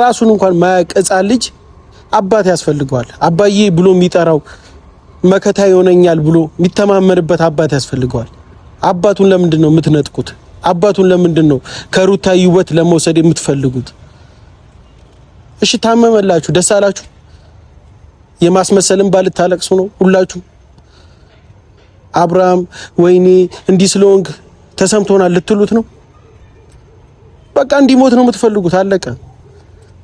ራሱን እንኳን ማያውቅ ህፃን ልጅ አባት ያስፈልገዋል። አባዬ ብሎ የሚጠራው መከታ ይሆነኛል ብሎ የሚተማመንበት አባት ያስፈልገዋል። አባቱን ለምንድን ነው የምትነጥቁት? አባቱን ለምንድን ነው ከሩታ ህይወት ለመውሰድ የምትፈልጉት? እሺ ታመመላችሁ፣ ደስ አላችሁ። የማስመሰልን ባልታለቅሱ ነው ሁላችሁ። አብርሃም ወይኔ እንዲህ ስለሆንክ ተሰምቶናል ልትሉት ነው። በቃ እንዲሞት ነው የምትፈልጉት። አለቀ።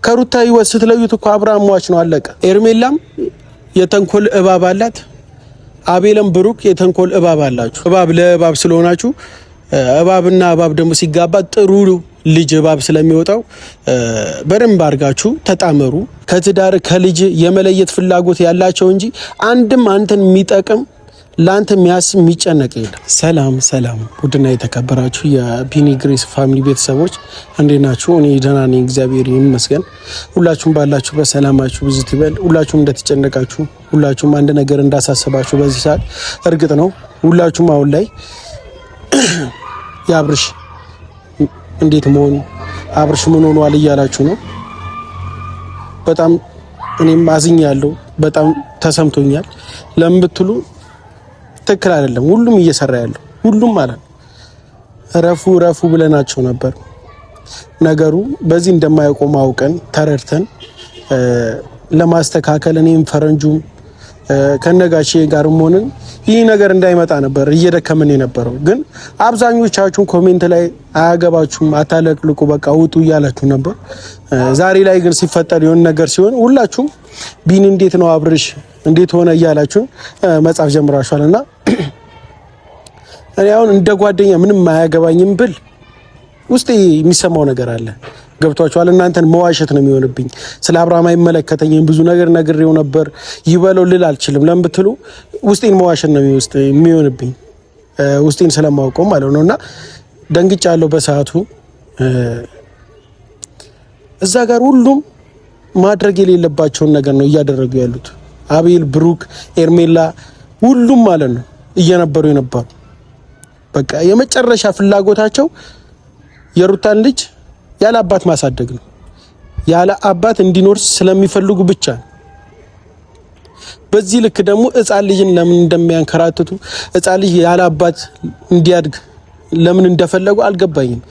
ከሩታ ህይወት ስትለዩት እኮ አብርሃም ሟች ነው፣ አለቀ። ኤርሜላም የተንኮል እባብ አላት፣ አቤለም ብሩክ የተንኮል እባብ አላችሁ። እባብ ለእባብ ስለሆናችሁ እባብና እባብ ደግሞ ሲጋባ ጥሩ ልጅ እባብ ስለሚወጣው በደንብ አድርጋችሁ ተጣመሩ። ከትዳር ከልጅ የመለየት ፍላጎት ያላቸው እንጂ አንድም አንተን የሚጠቅም ለአንተ የሚያስ የሚጨነቅ የለም። ሰላም ሰላም፣ ውድና የተከበራችሁ የቢኒ ግሬስ ፋሚሊ ቤተሰቦች እንዴት ናችሁ? እኔ ደህና ነኝ፣ እግዚአብሔር ይመስገን። ሁላችሁም ባላችሁ በሰላማችሁ ብዙ ትበል። ሁላችሁም እንደተጨነቃችሁ፣ ሁላችሁም አንድ ነገር እንዳሳሰባችሁ በዚህ ሰዓት እርግጥ ነው ሁላችሁም አሁን ላይ የአብርሽ እንዴት መሆኑ አብርሽ ምን ሆኗል እያላችሁ ነው። በጣም እኔም አዝኛለሁ፣ በጣም ተሰምቶኛል ለምትሉ ትክክል አይደለም። ሁሉም እየሰራ ያለው ሁሉም ማለት ረፉ ረፉ ብለናቸው ነበር። ነገሩ በዚህ እንደማይቆም አውቀን ተረድተን ለማስተካከል እኔም ፈረንጁም ከነጋሼ ጋርም ሆነን ይህ ነገር እንዳይመጣ ነበር እየደከመን የነበረው። ግን አብዛኞቻችሁን ኮሜንት ላይ አያገባችሁም፣ አታለቅልቁ፣ በቃ ውጡ እያላችሁ ነበር። ዛሬ ላይ ግን ሲፈጠር የሆነ ነገር ሲሆን ሁላችሁም ቢን እንዴት ነው አብርሽ እንዴት ሆነ እያላችሁ መጻፍ ጀምራችኋል እና እኔ አሁን እንደ ጓደኛ ምንም አያገባኝም ብል ውስጤ የሚሰማው ነገር አለ። ገብቷችኋል? እናንተን መዋሸት ነው የሚሆንብኝ። ስለ አብርሃም አይመለከተኝም ብዙ ነገር ነግሬው ነበር ይበለው ልል አልችልም። ለምን ብትሉ ውስጤን መዋሸት ነው የሚሆንብኝ፣ ውስጤን ስለማውቀው ማለት ነው። እና ደንግጫለሁ በሰዓቱ እዛ ጋር ሁሉም ማድረግ የሌለባቸውን ነገር ነው እያደረጉ ያሉት። አቤል፣ ብሩክ፣ ኤርሜላ ሁሉም ማለት ነው እየነበሩ የነበሩ በቃ የመጨረሻ ፍላጎታቸው የሩታን ልጅ ያለ አባት ማሳደግ ነው። ያለ አባት እንዲኖር ስለሚፈልጉ ብቻ ነው። በዚህ ልክ ደግሞ ህፃን ልጅን ለምን እንደሚያንከራትቱ ህፃን ልጅ ያለ አባት እንዲያድግ ለምን እንደፈለጉ አልገባኝም።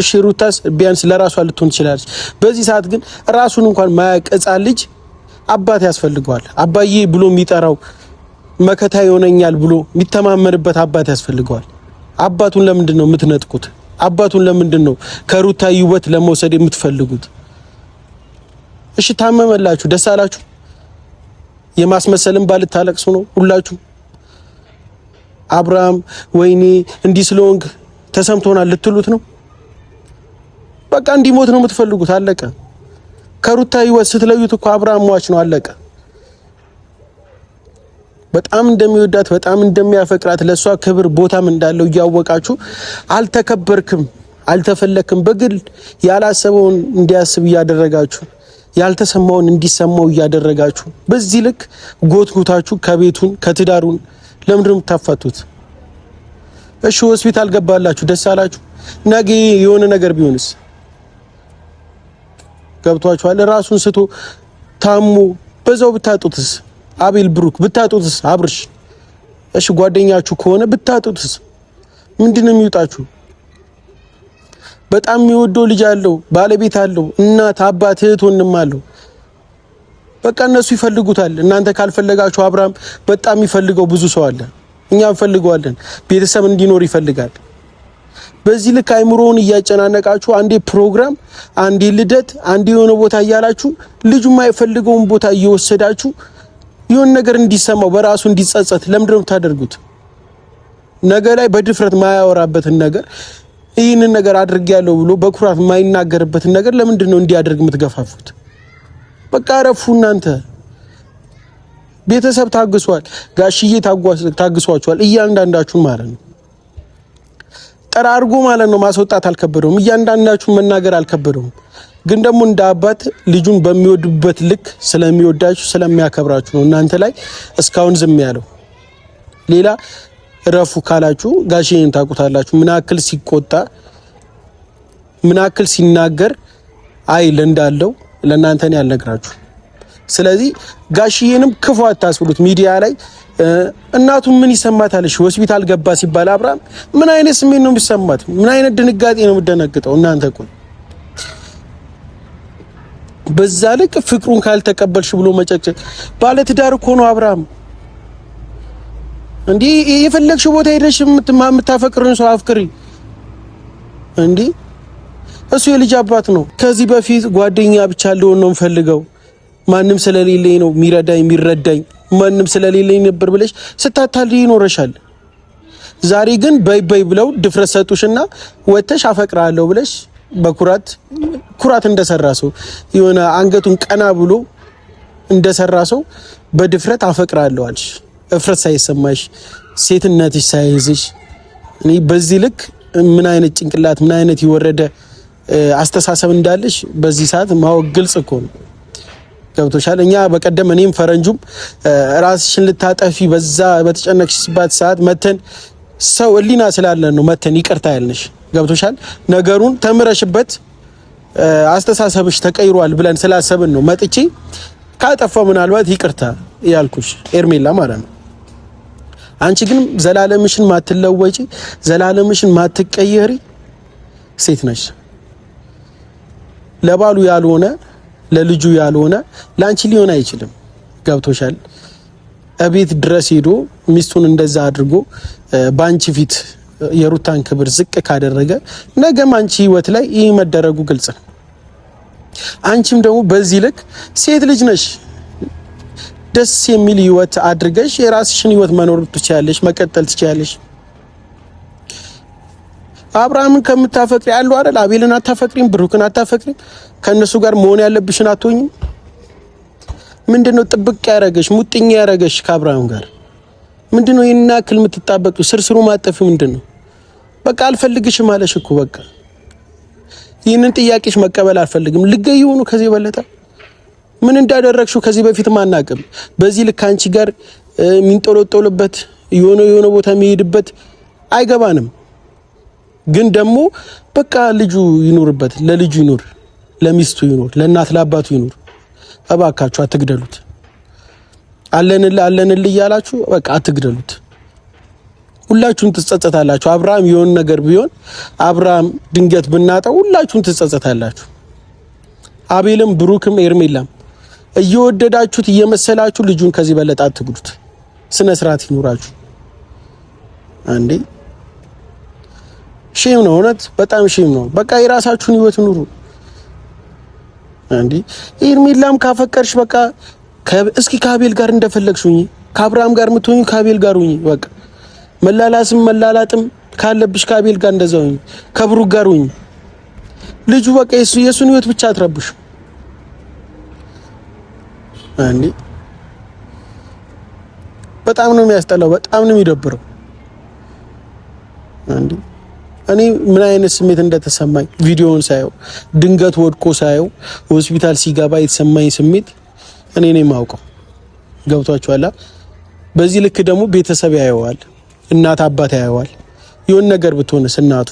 እሺ ሩታስ ቢያንስ ለራሷ ልትሆን ትችላለች። በዚህ ሰዓት ግን ራሱን እንኳን ማያቅ ህፃን ልጅ አባት ያስፈልገዋል። አባዬ ብሎ የሚጠራው መከታ ይሆነኛል ብሎ የሚተማመንበት አባት ያስፈልገዋል። አባቱን ለምንድን ነው የምትነጥቁት? አባቱን ለምንድን ነው ከሩታ ውበት ለመውሰድ የምትፈልጉት? እሺ ታመመላችሁ፣ ደስ አላችሁ። የማስመሰልን ባልታለቅሱ ነው ሁላችሁ። አብርሃም ወይኔ እንዲህ ስለሆንክ ተሰምቶናል ልትሉት ነው። በቃ እንዲሞት ነው የምትፈልጉት። አለቀ። ከሩታ ውበት ስትለዩት እኮ አብርሃም ሟች ነው። አለቀ። በጣም እንደሚወዳት በጣም እንደሚያፈቅራት ለእሷ ክብር ቦታም እንዳለው እያወቃችሁ አልተከበርክም፣ አልተፈለክም በግል ያላሰበውን እንዲያስብ እያደረጋችሁ ያልተሰማውን እንዲሰማው እያደረጋችሁ በዚህ ልክ ጎትጉታችሁ ከቤቱን ከትዳሩን ለምንድን ነው እሺ ሆስፒታል ገባላችሁ፣ ደስ አላችሁ። ነገ የሆነ ነገር ቢሆንስ? ገብቷችኋል? ራሱን ስቶ ታሞ በዛው ብታጡትስ? አቤል ብሩክ ብታጡትስ? አብርሽ እሺ፣ ጓደኛችሁ ከሆነ ብታጡትስ? ምንድነው የሚውጣችሁ? በጣም የሚወደው ልጅ አለው፣ ባለቤት አለው፣ እናት፣ አባት፣ እህት፣ ወንድም አለው። በቃ እነሱ ይፈልጉታል። እናንተ ካልፈለጋችሁ አብርሃም በጣም የሚፈልገው ብዙ ሰው አለ። እኛ እንፈልገዋለን። ቤተሰብ እንዲኖር ይፈልጋል። በዚህ ልክ አይምሮውን እያጨናነቃችሁ አንዴ ፕሮግራም፣ አንዴ ልደት፣ አንዴ የሆነ ቦታ እያላችሁ ልጁ የማይፈልገውን ቦታ እየወሰዳችሁ ይሁን ነገር እንዲሰማው በራሱ እንዲጸጸት ለምንድን ነው የምታደርጉት? ነገ ላይ በድፍረት ማያወራበትን ነገር ይህንን ነገር አድርጌያለሁ ብሎ በኩራት የማይናገርበትን ነገር ለምንድን ነው እንዲያደርግ የምትገፋፉት? በቃ ረፉ እናንተ። ቤተሰብ ታግሷል፣ ጋሽዬ ታግሷቸዋል። እያንዳንዳችሁን ማለት ነው ጠራርጎ ማለት ነው ማስወጣት አልከበደውም። እያንዳንዳችሁን መናገር አልከበደውም። ግን ደግሞ እንደ አባት ልጁን በሚወዱበት ልክ ስለሚወዳችሁ ስለሚያከብራችሁ ነው እናንተ ላይ እስካሁን ዝም ያለው። ሌላ እረፉ ካላችሁ ጋሽን ታውቁታላችሁ። ምን አክል ሲቆጣ ምን አክል ሲናገር አይል እንዳለው ለእናንተ እኔ አልነግራችሁ። ስለዚህ ጋሽዬንም ክፉ አታስብሉት። ሚዲያ ላይ እናቱ ምን ይሰማታለሽ ሆስፒታል ገባ ሲባል አብርሃም ምን አይነት ስሜት ነው የሚሰማት? ምን አይነት ድንጋጤ ነው የምደነግጠው እናንተ በዛ ልክ ፍቅሩን ካልተቀበልሽ ብሎ መጨቅጨቅ። ባለትዳር እኮ ነው አብርሃም። እንዲህ የፈለግሽ ቦታ ሄደሽ የምታፈቅርን ሰው አፍቅሪ። እንዲህ እሱ የልጅ አባት ነው። ከዚህ በፊት ጓደኛ ብቻ ልሆን ነው የምፈልገው፣ ማንም ስለሌለኝ ነው የሚረዳኝ የሚረዳኝ ማንም ስለሌለኝ ነበር ብለሽ ስታታል ይኖረሻል። ዛሬ ግን በይ በይ ብለው ድፍረት ሰጡሽና ወጥተሽ አፈቅራለሁ ብለሽ በኩራት ኩራት እንደሰራ ሰው የሆነ አንገቱን ቀና ብሎ እንደሰራ ሰው በድፍረት አፈቅራለሁ አልሽ። እፍረት ሳይሰማሽ ሴትነትሽ ሳይዝሽ እኔ በዚህ ልክ ምን አይነት ጭንቅላት ምን አይነት የወረደ አስተሳሰብ እንዳለሽ በዚህ ሰዓት ማወቅ ግልጽ እኮ ነው። ገብቶሻል። እኛ በቀደም እኔም ፈረንጁም ራስሽን ልታጠፊ በዛ በተጨነቅሽባት ሰዓት መተን ሰው ህሊና ስላለን ነው መተን ይቅርታ ያልንሽ። ገብቶሻል? ነገሩን ተምረሽበት አስተሳሰብሽ ተቀይሯል ብለን ስላሰብን ነው መጥቼ ካጠፋ ምናልባት ይቅርታ ያልኩሽ ኤርሜላ ማለት ነው። አንቺ ግን ዘላለምሽን ማትለወጪ ዘላለምሽን ማትቀየሪ ሴት ነሽ። ለባሉ ያልሆነ ለልጁ ያልሆነ ለአንቺ ሊሆን አይችልም። ገብቶሻል? እቤት ድረስ ሄዶ ሚስቱን እንደዛ አድርጎ በአንቺ ፊት የሩታን ክብር ዝቅ ካደረገ ነገም አንቺ ህይወት ላይ ይህ መደረጉ ግልጽ ነው። አንቺም ደግሞ በዚህ ልክ ሴት ልጅ ነሽ፣ ደስ የሚል ህይወት አድርገሽ የራስሽን ህይወት መኖር ትችያለሽ፣ መቀጠል ትችያለሽ። አብርሃምን ከምታፈቅሪ አሉ አይደል? አቤልን አታፈቅሪም፣ ብሩክን አታፈቅሪም። ከእነሱ ጋር መሆን ያለብሽን አትሆኝም። ምንድነው ጥብቅ ያረገሽ ሙጥኝ ያረገሽ ከአብርሃም ጋር ምንድነው? ይሄን ያክል የምትጣበቅ ስርስሩ ማጠፍ ምንድነው? በቃ አልፈልግሽም ማለሽ እኮ በቃ ይህንን ጥያቄሽ መቀበል አልፈልግም። ልገይ ሆኑ ከዚህ በለጠ ምን እንዳደረግሽው ከዚህ በፊት ማናቅም። በዚህ ልክ አንቺ ጋር የሚንጦለጦልበት የሆነ የሆነ ቦታ የሚሄድበት አይገባንም። ግን ደግሞ በቃ ልጁ ይኑርበት፣ ለልጁ ይኑር፣ ለሚስቱ ይኑር፣ ለእናት ለአባቱ ይኑር። እባካችሁ አትግደሉት። አለንል አለንል እያላችሁ በቃ አትግደሉት። ሁላችሁም ትጸጸታላችሁ። አብርሃም የሆን ነገር ቢሆን አብርሃም ድንገት ብናጠው ሁላችሁም ትጸጸታላችሁ። አቤልም፣ ብሩክም፣ ኤርሜላም እየወደዳችሁት እየመሰላችሁ ልጁን ከዚህ በለጠ አትግዱት። ስነ ስርዓት ይኑራችሁ። አንዴ ሼም ነው እውነት፣ በጣም ሼም ነው። በቃ የራሳችሁን ህይወት ኑሩ። እንዴ ኤርሜላም ካፈቀርሽ በቃ እስኪ ከአቤል ጋር እንደፈለግሽ ሁኚ፣ ከአብርሃም ጋር የምትሆኚ ከአቤል ጋር ሁኚ። በቃ መላላስም መላላጥም ካለብሽ ከአቤል ጋር እንደዛ ሁኚ፣ ከብሩክ ጋር ሁኚ። ልጁ በቃ የሱን ህይወት ብቻ አትረብሽ። እንዴ በጣም ነው የሚያስጠላው፣ በጣም ነው የሚደብረው። እንዴ እኔ ምን አይነት ስሜት እንደተሰማኝ ቪዲዮውን ሳየው ድንገት ወድቆ ሳየው ሆስፒታል ሲገባ የተሰማኝ ስሜት እኔ ነው የማውቀው። ገብቷችኋላ በዚህ ልክ ደግሞ ቤተሰብ ያየዋል፣ እናት አባት ያየዋል። የሆን ነገር ብትሆንስ እናቱ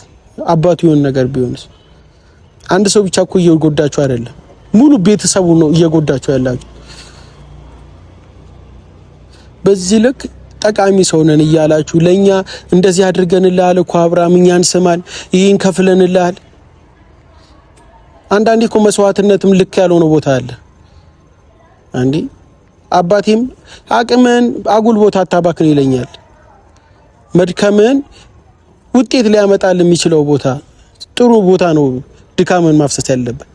አባቱ የሆን ነገር ቢሆንስ? አንድ ሰው ብቻ እኮ እየጎዳችሁ አይደለም፣ ሙሉ ቤተሰቡ ነው እየጎዳችሁ ያላችሁ። በዚህ ልክ ጠቃሚ ሰው ነን እያላችሁ ለእኛ እንደዚህ አድርገንልሃል እኮ አብርሃም፣ እኛን ስማን፣ ይህን ከፍለንልሃል። አንዳንዴ እኮ መስዋዕትነትም ልክ ያልሆነ ቦታ አለ። አንዴ አባቴም አቅምህን አጉል ቦታ አታባክን ይለኛል። መድከምህን ውጤት ሊያመጣል የሚችለው ቦታ ጥሩ ቦታ ነው ድካምን ማፍሰስ ያለበት።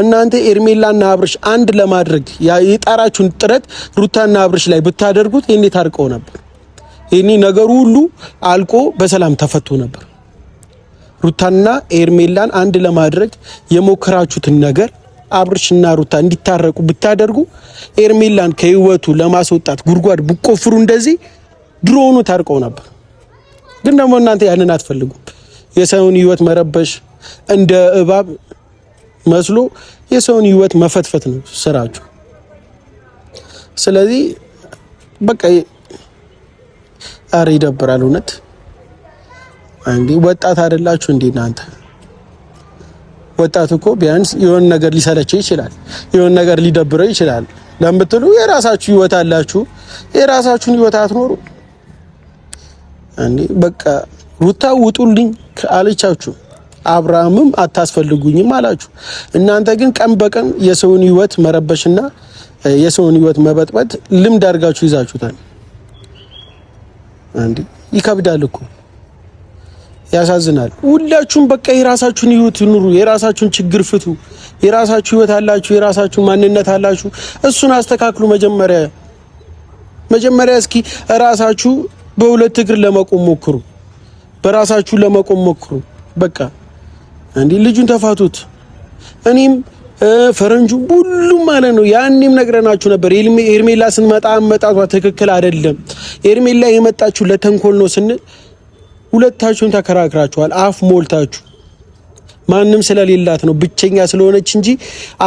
እናንተ ኤርሜላና አብርሽ አንድ ለማድረግ የጣራችሁን ጥረት ሩታና አብርሽ ላይ ብታደርጉት እንዴት ታርቀው ነበር። ይህኒ ነገሩ ሁሉ አልቆ በሰላም ተፈቶ ነበር። ሩታና ኤርሜላን አንድ ለማድረግ የሞከራችሁትን ነገር አብርሽና ሩታ እንዲታረቁ ብታደርጉ ኤርሜላን ከህይወቱ ለማስወጣት ጉድጓድ ብቆፍሩ እንደዚህ ድሮውኑ ታርቀው ነበር። ግን ደግሞ እናንተ ያንን አትፈልጉም። የሰውን ህይወት መረበሽ እንደ እባብ መስሎ የሰውን ህይወት መፈትፈት ነው ስራችሁ። ስለዚህ በቃ ኧረ ይደብራል እውነት። እንዴ ወጣት አይደላችሁ እንዴ እናንተ? ወጣት እኮ ቢያንስ የሆነ ነገር ሊሰለቸው ይችላል፣ የሆነ ነገር ሊደብረው ይችላል ለምትሉ የራሳችሁ ህይወት አላችሁ። የራሳችሁን ህይወት አትኖሩ እንዴ? በቃ ሩታ ውጡልኝ አለቻችሁ። አብርሃምም አታስፈልጉኝም አላችሁ። እናንተ ግን ቀን በቀን የሰውን ህይወት መረበሽና የሰውን ህይወት መበጥበጥ ልምድ አድርጋችሁ ይዛችሁታል። አንዴ ይከብዳል እኮ ያሳዝናል። ሁላችሁም በቃ የራሳችሁን ህይወት ኑሩ፣ የራሳችሁን ችግር ፍቱ። የራሳችሁ ህይወት አላችሁ፣ የራሳችሁ ማንነት አላችሁ። እሱን አስተካክሉ። መጀመሪያ መጀመሪያ እስኪ ራሳችሁ በሁለት እግር ለመቆም ሞክሩ፣ በራሳችሁ ለመቆም ሞክሩ። በቃ እንዲህ ልጁን ተፋቱት። እኔም ፈረንጁ ሁሉም ማለት ነው። ያኔም ነግረናችሁ ነበር። ኤርሜላ ስንመጣ መጣቷ ትክክል አይደለም፣ ኤርሜላ የመጣችሁ ለተንኮል ነው ስንል ሁለታችሁን ተከራክራችኋል። አፍ ሞልታችሁ ማንም ስለሌላት ነው ብቸኛ ስለሆነች እንጂ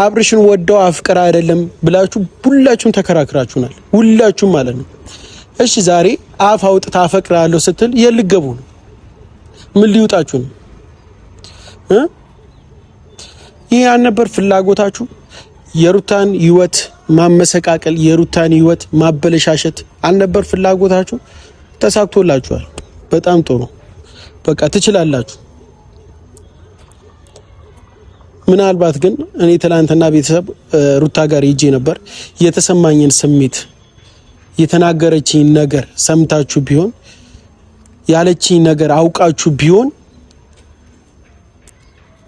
አብርሽን ወደው አፍቅር አይደለም ብላችሁ ሁላችሁም ተከራክራችሁናል። ሁላችሁም ማለት ነው። እሺ ዛሬ አፍ አውጥታ አፈቅራለሁ ስትል የልገቡ ነው። ምን ሊውጣችሁ ነው? ይህ አልነበር ፍላጎታችሁ? የሩታን ህይወት ማመሰቃቀል፣ የሩታን ህይወት ማበለሻሸት አልነበር ፍላጎታችሁ? ተሳክቶላችኋል። በጣም ጥሩ። በቃ ትችላላችሁ። ምናልባት ግን እኔ ትላንትና ቤተሰብ ሩታ ጋር ሄጄ ነበር። የተሰማኝን ስሜት የተናገረችኝ ነገር ሰምታችሁ ቢሆን ያለችኝ ነገር አውቃችሁ ቢሆን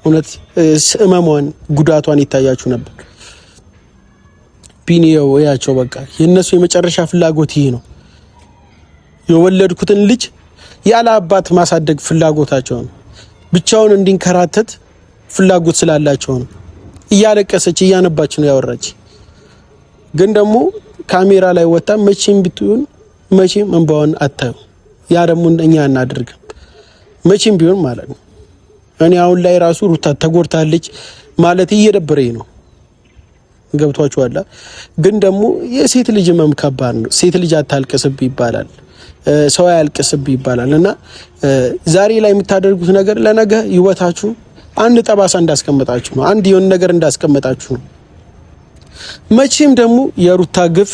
እውነት ህመሟን ጉዳቷን ይታያችሁ ነበር። ቢኒየው ያቸው በቃ የእነሱ የመጨረሻ ፍላጎት ይህ ነው። የወለድኩትን ልጅ ያለ አባት ማሳደግ ፍላጎታቸው ነው። ብቻውን እንዲንከራተት ፍላጎት ስላላቸው ነው። እያለቀሰች እያነባች ነው ያወራች። ግን ደግሞ ካሜራ ላይ ወጣ መቼም ብትሆን መቼም እንባዋን አታዩ። ያ ደግሞ እኛ እናድርግም መቼም ቢሆን ማለት ነው እኔ አሁን ላይ ራሱ ሩታ ተጎድታለች ማለት እየደበረኝ ነው። ገብቷችኋል። ግን ደግሞ የሴት ልጅ ህመም ከባድ ነው። ሴት ልጅ አታልቅስብ ይባላል፣ ሰው አያልቅስብ ይባላል። እና ዛሬ ላይ የምታደርጉት ነገር ለነገ ህይወታችሁ አንድ ጠባሳ እንዳስቀመጣችሁ ነው። አንድ የሆነ ነገር እንዳስቀመጣችሁ ነው። መቼም ደግሞ የሩታ ግፍ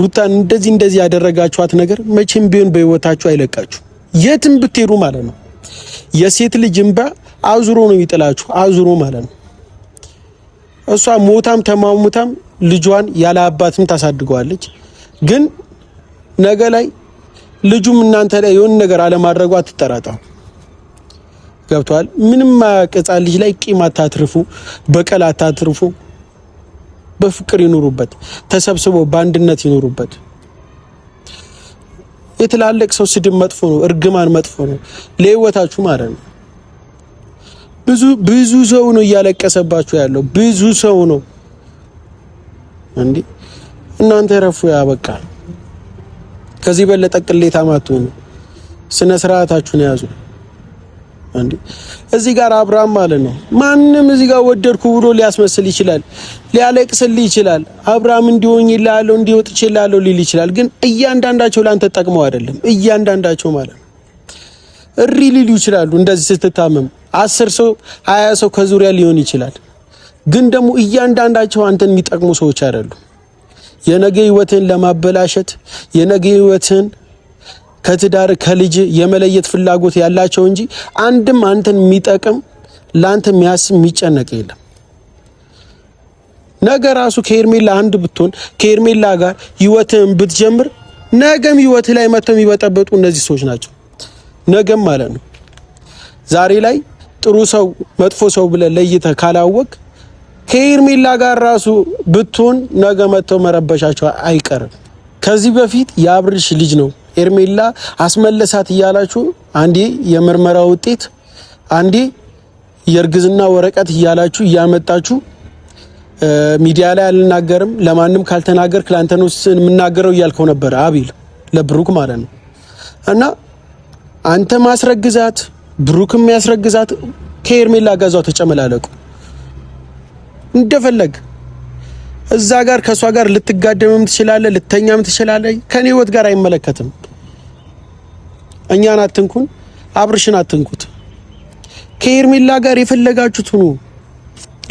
ሩታን እንደዚህ እንደዚህ ያደረጋችኋት ነገር መቼም ቢሆን በህይወታችሁ አይለቃችሁ የትም ብትሄዱ ማለት ነው። የሴት ልጅ እንባ አዙሮ ነው የሚጥላችሁ። አዙሮ ማለት ነው። እሷ ሞታም ተማሙታም ልጇን ያለ አባትም ታሳድገዋለች። ግን ነገ ላይ ልጁም እናንተ ላይ የሆነ ነገር አለማድረጉ አትጠራጠሩ። ገብቷል። ምንም ሕፃን ልጅ ላይ ቂም አታትርፉ፣ በቀል አታትርፉ። በፍቅር ይኑሩበት፣ ተሰብስበው በአንድነት ይኑሩበት። የትላልቅ ሰው ስድብ መጥፎ ነው፣ እርግማን መጥፎ ነው ለህይወታችሁ ማለት ነው። ብዙ ብዙ ሰው ነው እያለቀሰባችሁ ያለው ብዙ ሰው ነው። እንዴ እናንተ ረፉ ያበቃ። ከዚህ በለጠ ቅሌታ አትሆኑ፣ ስነ ስርዓታችሁን ያዙ። እንዴ እዚህ ጋር አብርሃም ማለት ነው። ማንም እዚህ ጋር ወደድኩ ብሎ ሊያስመስል ይችላል፣ ሊያለቅስል ይችላል፣ አብርሃም እንዲሆኝ ይላለው እንዲወጥች ይላለው ሊል ይችላል። ግን እያንዳንዳቸው ላንተ ጠቅመው አይደለም። እያንዳንዳቸው ማለት ነው እሪ ሊሉ ይችላሉ። እንደዚህ ስትታመም አስር ሰው ሀያ ሰው ከዙሪያ ሊሆን ይችላል። ግን ደግሞ እያንዳንዳቸው አንተን የሚጠቅሙ ሰዎች አይደሉም። የነገ ህይወትን ለማበላሸት የነገ ህይወትን ከትዳር ከልጅ የመለየት ፍላጎት ያላቸው እንጂ አንድም አንተን የሚጠቅም ለአንተ የሚያስብ የሚጨነቅ የለም። ነገ ራሱ ከሄርሜላ አንድ ብትሆን ከሄርሜላ ጋር ህይወትህን ብትጀምር ነገም ህይወትህ ላይ መጥተው የሚበጠበጡ እነዚህ ሰዎች ናቸው። ነገም ማለት ነው። ዛሬ ላይ ጥሩ ሰው መጥፎ ሰው ብለህ ለይተህ ካላወቅ ከሄርሜላ ጋር ራሱ ብትሆን ነገ መጥተው መረበሻቸው አይቀርም። ከዚህ በፊት የአብርሽ ልጅ ነው ኤርሜላ አስመለሳት እያላችሁ አንዴ የምርመራ ውጤት አንዴ የእርግዝና ወረቀት እያላችሁ እያመጣችሁ ሚዲያ ላይ አልናገርም፣ ለማንም ካልተናገር ለአንተ ነው የምናገረው እያልከው ነበረ አቤል ለብሩክ ማለት ነው። እና አንተ ማስረግዛት ብሩክም ያስረግዛት ከኤርሜላ ጋዛው ተጨመላለቁ እንደፈለግ እዛ ጋር ከእሷ ጋር ልትጋደምም ትችላለህ፣ ልተኛም ትችላለህ። ከኔ ህይወት ጋር አይመለከትም። እኛን አትንኩን፣ አብርሽን አትንኩት። ከኤርሜላ ጋር የፈለጋችሁት ሁኑ።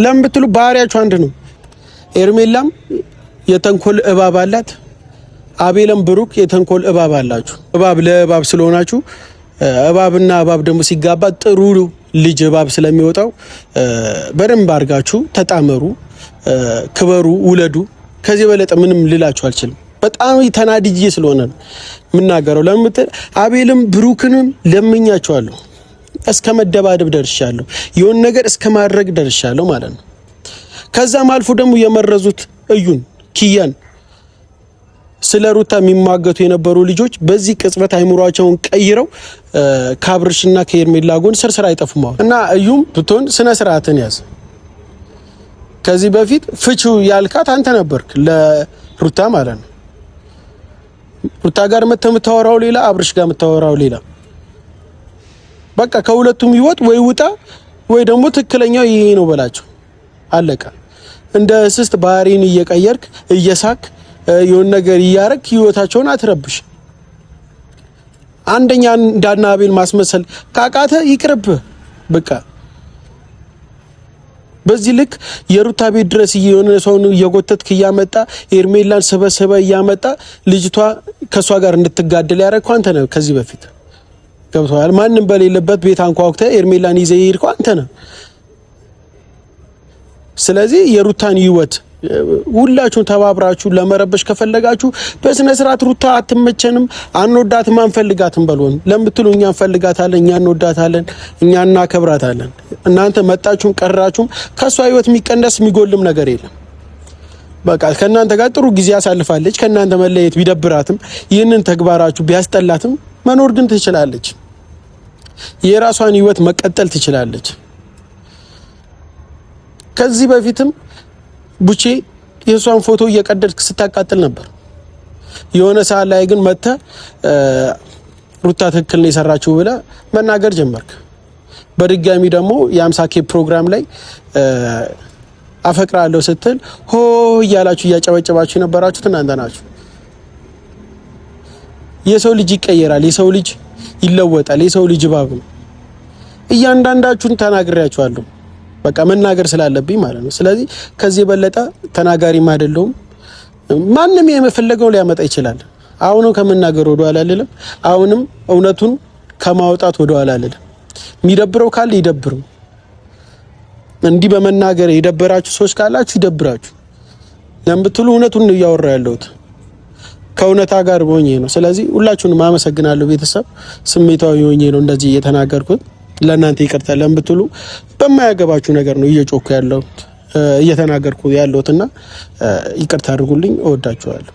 ለምን ብትሉ ባህሪያችሁ አንድ ነው። ኤርሜላም የተንኮል እባብ አላት፣ አቤለም ብሩክ የተንኮል እባብ አላችሁ። እባብ ለእባብ ስለሆናችሁ እባብና እባብ ደግሞ ሲጋባ ጥሩ ልጅ እባብ ስለሚወጣው በደንብ አድርጋችሁ ተጣመሩ። ክበሩ፣ ውለዱ። ከዚህ በለጠ ምንም ልላችሁ አልችልም። በጣም ተናድጄ ስለሆነ ነው የምናገረው። ለምት አቤልም ብሩክንም ለምኛቸዋለሁ። እስከ መደባደብ ደርሻለሁ። የሆን ነገር እስከ ማድረግ ደርሻለሁ ማለት ነው። ከዛም አልፎ ደግሞ የመረዙት እዩን ኪያን ስለ ሩታ የሚማገቱ የነበሩ ልጆች በዚህ ቅጽበት አይምሯቸውን ቀይረው ከአብርሽና ከኤርሜላ ጎን ስርስር አይጠፉም እና እዩም ብትሆን ስነ ስርዓትን ያዝ። ከዚህ በፊት ፍቹ ያልካት አንተ ነበርክ ለሩታ ማለት ነው። ሩታ ጋር የምታወራው ሌላ፣ አብርሽ ጋር የምታወራው ሌላ። በቃ ከሁለቱም ይወጥ ወይ ውጣ ወይ ደግሞ ትክክለኛው ይሄ ነው በላቸው። አለቀ። እንደ እስስት ባህሪን እየቀየርክ እየሳክ የሆነ ነገር እያረክ ህይወታቸውን አትረብሽ። አንደኛ እንዳና አቤል ማስመሰል ካቃተ ይቅርብ በቃ በዚህ ልክ የሩታ ቤት ድረስ የሆነ ሰውን እየጎተትክ እያመጣ ኤርሜላን ሰበሰበ እያመጣ ልጅቷ ከእሷ ጋር እንድትጋደል ያደረግከው አንተ ነህ። ከዚህ በፊት ገብቶሃል። ማንም በሌለበት ቤት አንኳኩተህ ኤርሜላን ይዘህ የሄድከው አንተ ነህ። ስለዚህ የሩታን ህይወት ሁላችሁን ተባብራችሁ ለመረበሽ ከፈለጋችሁ በስነ ስርዓት ሩታ አትመቸንም፣ አንወዳትም፣ አንፈልጋትም በልሆን ለምትሉ እኛ እንፈልጋታለን፣ እኛ እንወዳታለን፣ እኛ እናከብራታለን። እናንተ መጣችሁም ቀራችሁም ከእሷ ህይወት የሚቀነስ የሚጎልም ነገር የለም። በቃ ከእናንተ ጋር ጥሩ ጊዜ ያሳልፋለች። ከእናንተ መለየት ቢደብራትም ይህንን ተግባራችሁ ቢያስጠላትም መኖር ግን ትችላለች። የራሷን ህይወት መቀጠል ትችላለች። ከዚህ በፊትም ቡቼ የእሷን ፎቶ እየቀደድክ ስታቃጥል ነበር። የሆነ ሰዓት ላይ ግን መጥተ ሩታ ትክክል ነው የሰራችው ብለ መናገር ጀመርክ። በድጋሚ ደግሞ የአምሳ ኬ ፕሮግራም ላይ አፈቅራለሁ ስትል ሆ እያላችሁ እያጨበጨባችሁ የነበራችሁ እናንተ ናችሁ። የሰው ልጅ ይቀየራል፣ የሰው ልጅ ይለወጣል፣ የሰው ልጅ እባብ ነው። እያንዳንዳችሁን ተናግሬያችኋለሁ። በቃ መናገር ስላለብኝ ማለት ነው። ስለዚህ ከዚህ የበለጠ ተናጋሪም አይደለሁም። ማንም የፈለገውን ሊያመጣ ይችላል። አሁንም ከመናገር ወደ ኋላ አልልም። አሁንም እውነቱን ከማውጣት ወደ ኋላ አልልም። የሚደብረው ካለ ይደብረው። እንዲህ በመናገር የደበራችሁ ሰዎች ካላችሁ ይደብራችሁ ለምትሉ እውነቱን እያወራ ያለሁት ከእውነታ ጋር ሆኜ ነው። ስለዚህ ሁላችሁንም አመሰግናለሁ። ቤተሰብ ስሜታዊ ሆኜ ነው እንደዚህ እየተናገርኩት። ለእናንተ ይቅርታ ብትሉ በማያገባችሁ ነገር ነው እየጮኩ ያለሁት እየተናገርኩ ያለሁትና ይቅርታ አድርጉልኝ። እወዳችኋለሁ።